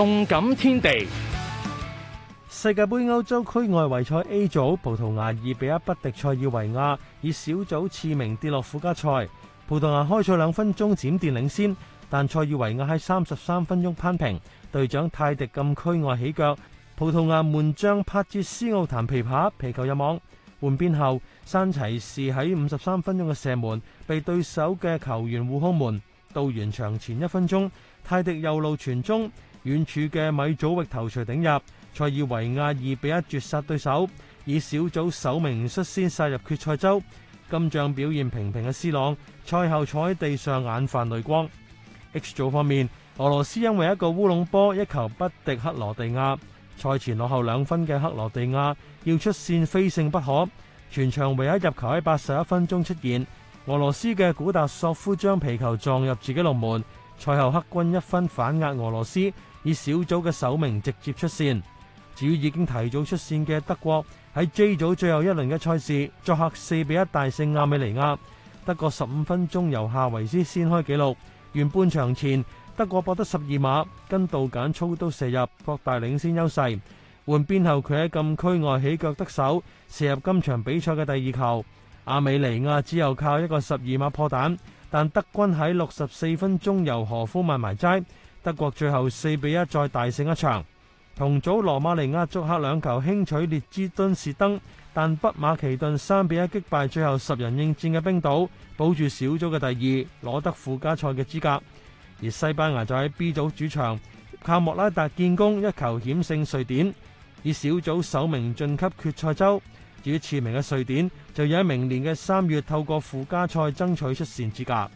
動感天地，世界盃歐洲區外圍賽 A 組，葡萄牙二比一不敵塞爾維亞，以小組次名跌落附加賽。葡萄牙開賽兩分鐘閃電領先，但塞爾維亞喺三十三分鐘攀平。隊長泰迪禁區外起腳，葡萄牙門將帕切斯奧彈琵琶，皮球入網。換邊後，山齊士喺五十三分鐘嘅射門被對手嘅球員護空門。到完場前一分鐘，泰迪右路傳中。遠處嘅米祖域頭槌頂入，塞爾維亞二比一絕殺對手，以小組首名率先殺入決賽周。今仗表現平平嘅 C 朗賽後坐喺地上眼泛淚光。H 組方面，俄羅斯因為一個烏龍波一球不敵克羅地亞，賽前落後兩分嘅克羅地亞要出線非勝不可。全場唯一入球喺八十一分鐘出現，俄羅斯嘅古達索夫將皮球撞入自己龍門。賽後黑軍一分反壓俄羅斯。以小組嘅首名直接出線。至於已經提早出線嘅德國，喺 J 組最後一輪嘅賽事作客四比一大勝阿美尼亞。德國十五分鐘由夏維斯先開紀錄，完半場前德國博得十二碼，跟杜簡操刀射入擴大領先優勢。換邊後佢喺禁區外起腳得手，射入今場比賽嘅第二球。阿美尼亞只有靠一個十二碼破蛋，但德軍喺六十四分鐘由何夫曼埋齋。德國最後四比一再大勝一場，同組羅馬尼亞作客兩球輕取列支敦士登，但北馬其頓三比一擊敗最後十人應戰嘅冰島，保住小組嘅第二，攞得附加賽嘅資格。而西班牙就喺 B 組主場靠莫拉達建功一球險勝瑞典，以小組首名晉級決賽周。至於次名嘅瑞典，就要喺明年嘅三月透過附加賽爭取出線資格。